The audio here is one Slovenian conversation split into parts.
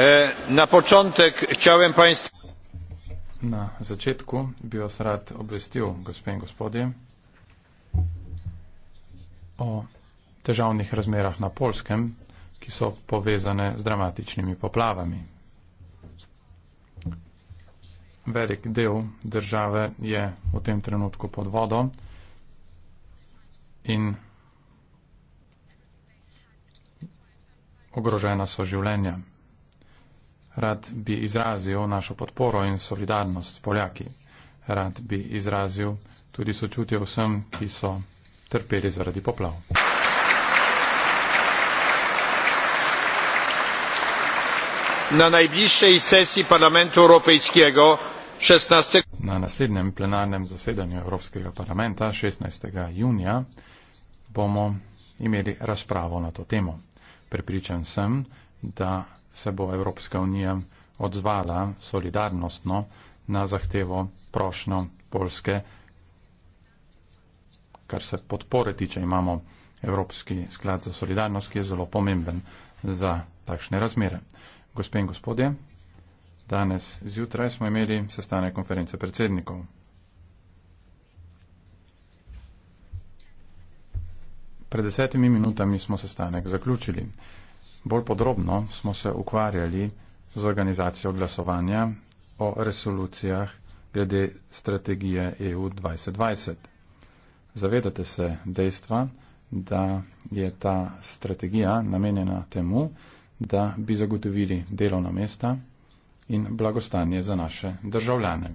E, na początek chciałem państwu na začetku bi vas rad obvestil, gospe in gospodje, o težavnih razmerah na Polskem, ki so povezane z dramatičnimi poplavami. Velik del države je v tem trenutku pod vodo in ogrožena so življenja. Rad bi izrazil našo podporo in solidarnost s Poljaki. Rad bi izrazil tudi sočutje vsem, ki so trpeli zaradi poplav. Na najbližšej sesiji parlamentu Evropejskega 16. Na naslednjem plenarnem zasedanju Evropskega parlamenta 16. junija bomo imeli razpravo na to temo. Prepričan sem, da se bo Evropska unija odzvala solidarnostno na zahtevo prošnjo Polske. Kar se podpore tiče, imamo Evropski sklad za solidarnost, ki je zelo pomemben za takšne razmere. Gospe in gospodje, danes zjutraj smo imeli sestane konference predsednikov. Pred desetimi minutami smo sestanek zaključili. Bolj podrobno smo se ukvarjali z organizacijo glasovanja o resolucijah glede strategije EU 2020. Zavedate se dejstva, da je ta strategija namenjena temu, da bi zagotovili delovna mesta in blagostanje za naše državljane.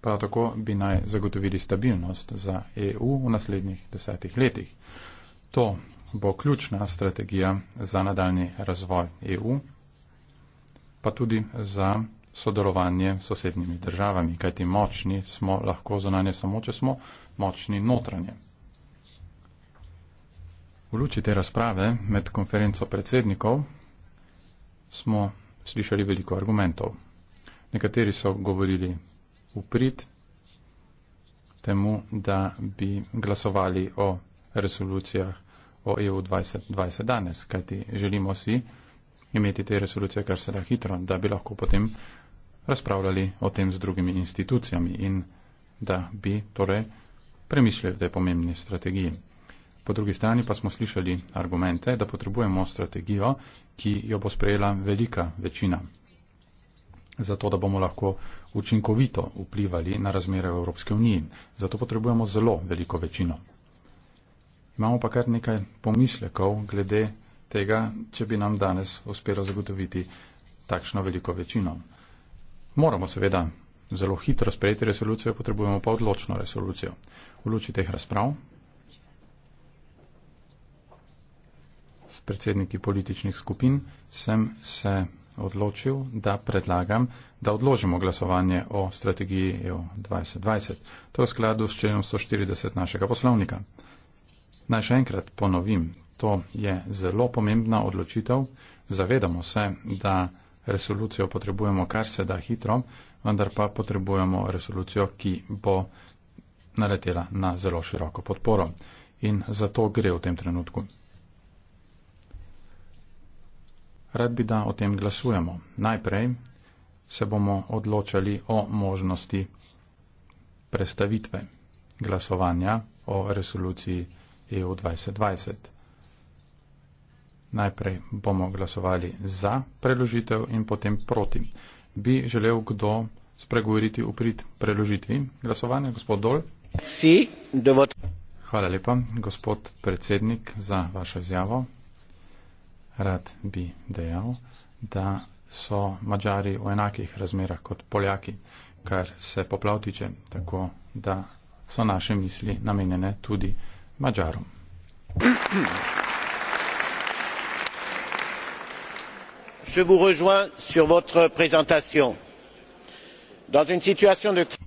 Prav tako bi naj zagotovili stabilnost za EU v naslednjih desetih letih. To bo ključna strategija za nadaljni razvoj EU, pa tudi za sodelovanje s sosednjimi državami, kajti močni smo lahko zunanje samo, če smo močni notranje. V luči te razprave med konferenco predsednikov smo slišali veliko argumentov. Nekateri so govorili uprit temu, da bi glasovali o resolucijah o EU 2020 danes, kajti želimo si imeti te resolucije kar se da hitro, da bi lahko potem razpravljali o tem z drugimi institucijami in da bi torej premišljali te pomembne strategije. Po drugi strani pa smo slišali argumente, da potrebujemo strategijo, ki jo bo sprejela velika večina, zato da bomo lahko učinkovito vplivali na razmere v Evropske unije. Zato potrebujemo zelo veliko večino. Imamo pa kar nekaj pomislekov glede tega, če bi nam danes uspelo zagotoviti takšno veliko večino. Moramo seveda zelo hitro sprejeti resolucijo, potrebujemo pa odločno resolucijo. V luči teh razprav s predsedniki političnih skupin sem se odločil, da predlagam, da odložimo glasovanje o strategiji EU 2020. To je v skladu s členom 140 našega poslovnika. Naj še enkrat ponovim, to je zelo pomembna odločitev. Zavedamo se, da resolucijo potrebujemo kar se da hitro, vendar pa potrebujemo resolucijo, ki bo naletela na zelo široko podporo. In za to gre v tem trenutku. Rad bi, da o tem glasujemo. Najprej se bomo odločali o možnosti prestavitve glasovanja o resoluciji EU 2020. Najprej bomo glasovali za preložitev in potem proti. Bi želel kdo spregovoriti v prid preložitvi glasovanja? Gospod Dol? Si, dovod. Hvala lepa, gospod predsednik, za vašo izjavo. Rad bi dejal, da so Mačari v enakih razmerah kot Poljaki, kar se poplav tiče, tako da so naše misli namenjene tudi. Maďarom.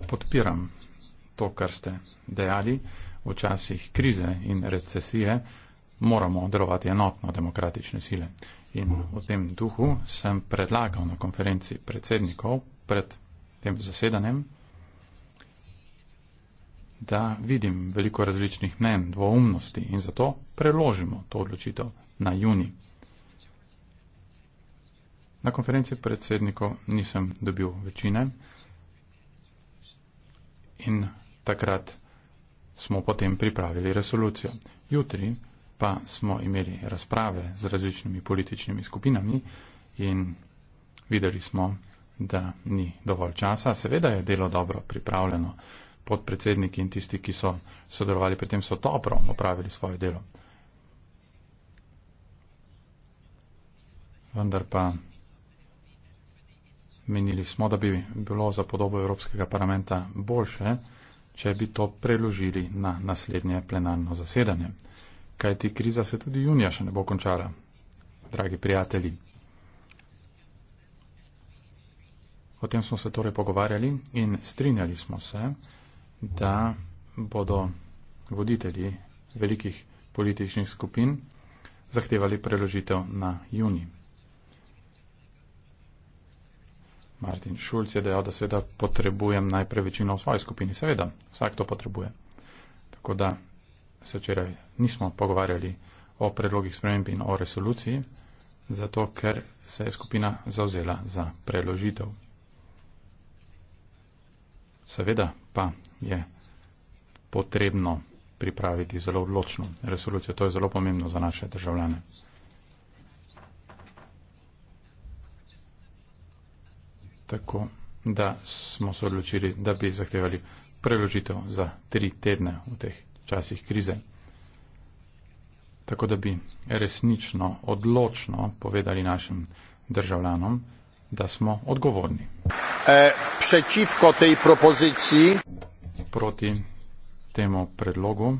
Podpiram to, kar ste dejali. V časih krize in recesije moramo delovati enotno demokratične sile. In v tem duhu sem predlagal na konferenci predsednikov pred tem zasedanjem, da vidim veliko različnih mnen, dvoumnosti in zato preložimo to odločitev na juni. Na konferenci predsednikov nisem dobil večine in takrat smo potem pripravili resolucijo. Jutri pa smo imeli razprave z različnimi političnimi skupinami in videli smo, da ni dovolj časa. Seveda je delo dobro pripravljeno podpredsedniki in tisti, ki so sodelovali pri tem, so dobro opravili svoje delo. Vendar pa menili smo, da bi bilo za podobo Evropskega parlamenta boljše, če bi to preložili na naslednje plenarno zasedanje. Kajti kriza se tudi junija še ne bo končala, dragi prijatelji. O tem smo se torej pogovarjali in strinjali smo se, da bodo voditelji velikih političnih skupin zahtevali preložitev na juni. Martin Šulc je dejal, da seveda potrebujem najprej večino v svoji skupini. Seveda, vsak to potrebuje. Tako da se včeraj nismo pogovarjali o predlogih sprememb in o resoluciji, zato ker se je skupina zauzela za preložitev. Seveda pa je potrebno pripraviti zelo odločno resolucijo. To je zelo pomembno za naše državljane. Tako da smo se odločili, da bi zahtevali preložitev za tri tedne v teh časih krize. Tako da bi resnično, odločno povedali našim državljanom, da smo odgovorni e, przeciwko tej propozycji. Proti temu predlogu.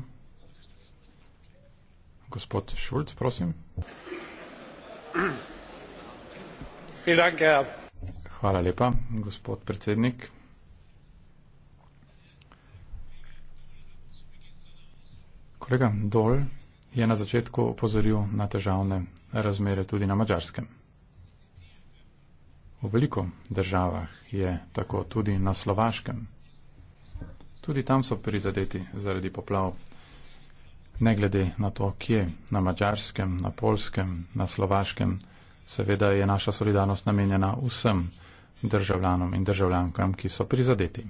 Gospod Schulz, prosim. Hvala lepa, gospod predsednik. Kolega Dol je na začetku opozoril na težavne razmere tudi na mačarskem. V veliko državah je tako tudi na Slovaškem. Tudi tam so prizadeti zaradi poplav. Ne glede na to, kje, na Mačarskem, na Polskem, na Slovaškem, seveda je naša solidarnost namenjena vsem državljanom in državljankam, ki so prizadeti.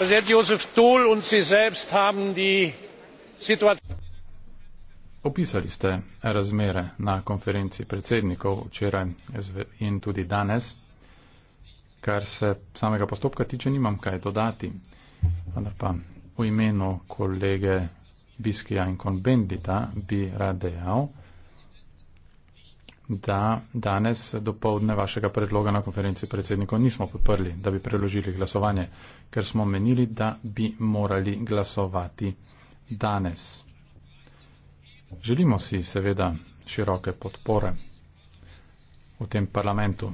Gospod Josef Dol in vi sami ste situacijo opisali ste razmere na konferenci predsednikov včeraj in tudi danes. Kar se samega postopka tiče, nimam kaj dodati. Vendar pa v imenu kolege Biskija in Konbendita bi rad dejal, da danes do povdne vašega predloga na konferenci predsednikov nismo podprli, da bi preložili glasovanje, ker smo menili, da bi morali glasovati danes. Želimo si seveda široke podpore v tem parlamentu.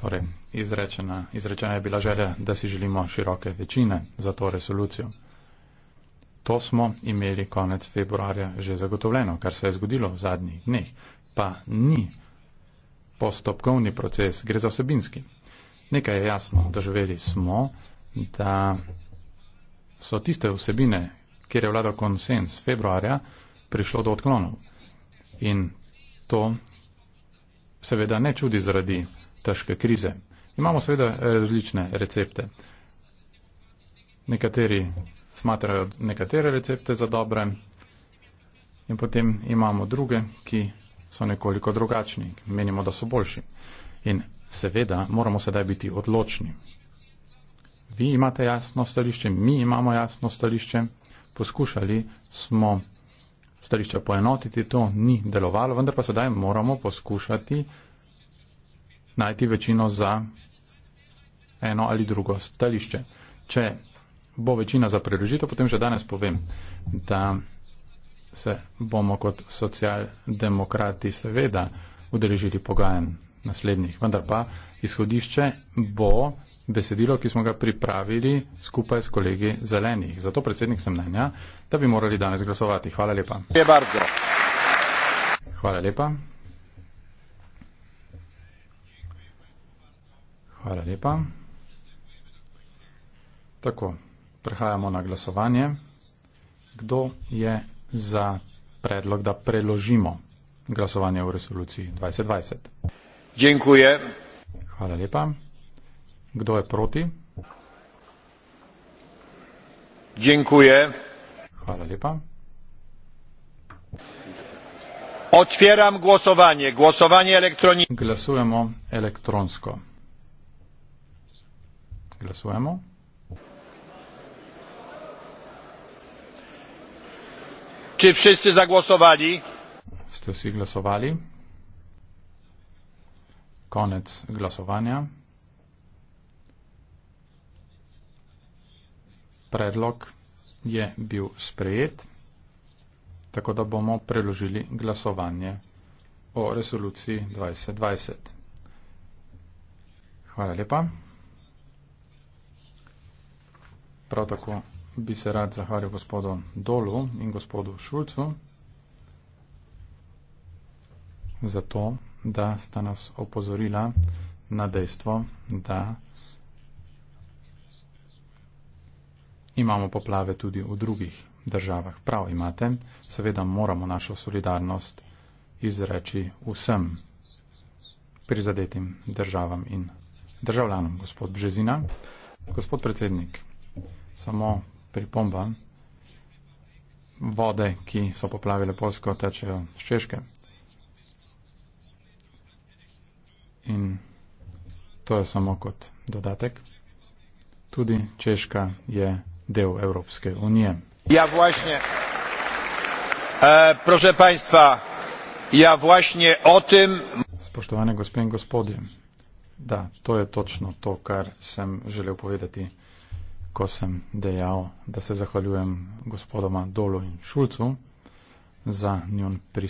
Torej, izrečena, izrečena je bila želja, da si želimo široke večine za to resolucijo. To smo imeli konec februarja že zagotovljeno, kar se je zgodilo v zadnjih dneh. Pa ni postopkovni proces, gre za vsebinski. Nekaj je jasno, doživeli smo, da so tiste vsebine, kjer je vladal konsens februarja, prišlo do odklonov. In to seveda ne čudi zaradi težke krize. Imamo seveda različne recepte. Nekateri smatrajo nekatere recepte za dobre in potem imamo druge, ki so nekoliko drugačni, menimo, da so boljši. In seveda moramo sedaj biti odločni, vi imate jasno stališče, mi imamo jasno stališče, poskušali smo stališče poenotiti, to ni delovalo, vendar pa sedaj moramo poskušati najti večino za eno ali drugo stališče. Če bo večina za preložitev, potem že danes povem, da se bomo kot socialdemokrati seveda udeležili pogajanj naslednjih. Vendar pa izhodišče bo besedilo, ki smo ga pripravili skupaj s kolegi zelenih. Zato predsednik sem mnenja, da bi morali danes glasovati. Hvala lepa. Hvala lepa. Hvala lepa. Tako, prehajamo na glasovanje. Kdo je za predlog, da preložimo glasovanje v resoluciji 2020? Dziękuję. Hvala lepa. Kdo je proti? Dziękuję. Hvala lepa. Otwieram głosowanie. Głosowanie elektroniczne. Głosujemy elektronsko. Głosujemy. Czy wszyscy zagłosowali? Wszyscy głosowali. Koniec głosowania. predlog je bil sprejet, tako da bomo preložili glasovanje o resoluciji 2020. Hvala lepa. Prav tako bi se rad zahvalil gospodu Dolu in gospodu Šulcu za to, da sta nas opozorila na dejstvo, da Imamo poplave tudi v drugih državah. Prav imate, seveda moramo našo solidarnost izreči vsem prizadetim državam in državljanom, gospod Březina. Gospod predsednik, samo pripomba. Vode, ki so poplavile Polsko, tečejo z Češke. In to je samo kot dodatek. Tudi Češka je del Europejskiej Unii. Ja właśnie, e, proszę Państwa, ja właśnie o tym... Spoštovane gospe in gospodje, da, to je točno to, kar sem želel povedati, ko sem dejal, da se zahvaljujem gospodoma Dolo in Šulcu za njun prisutnost.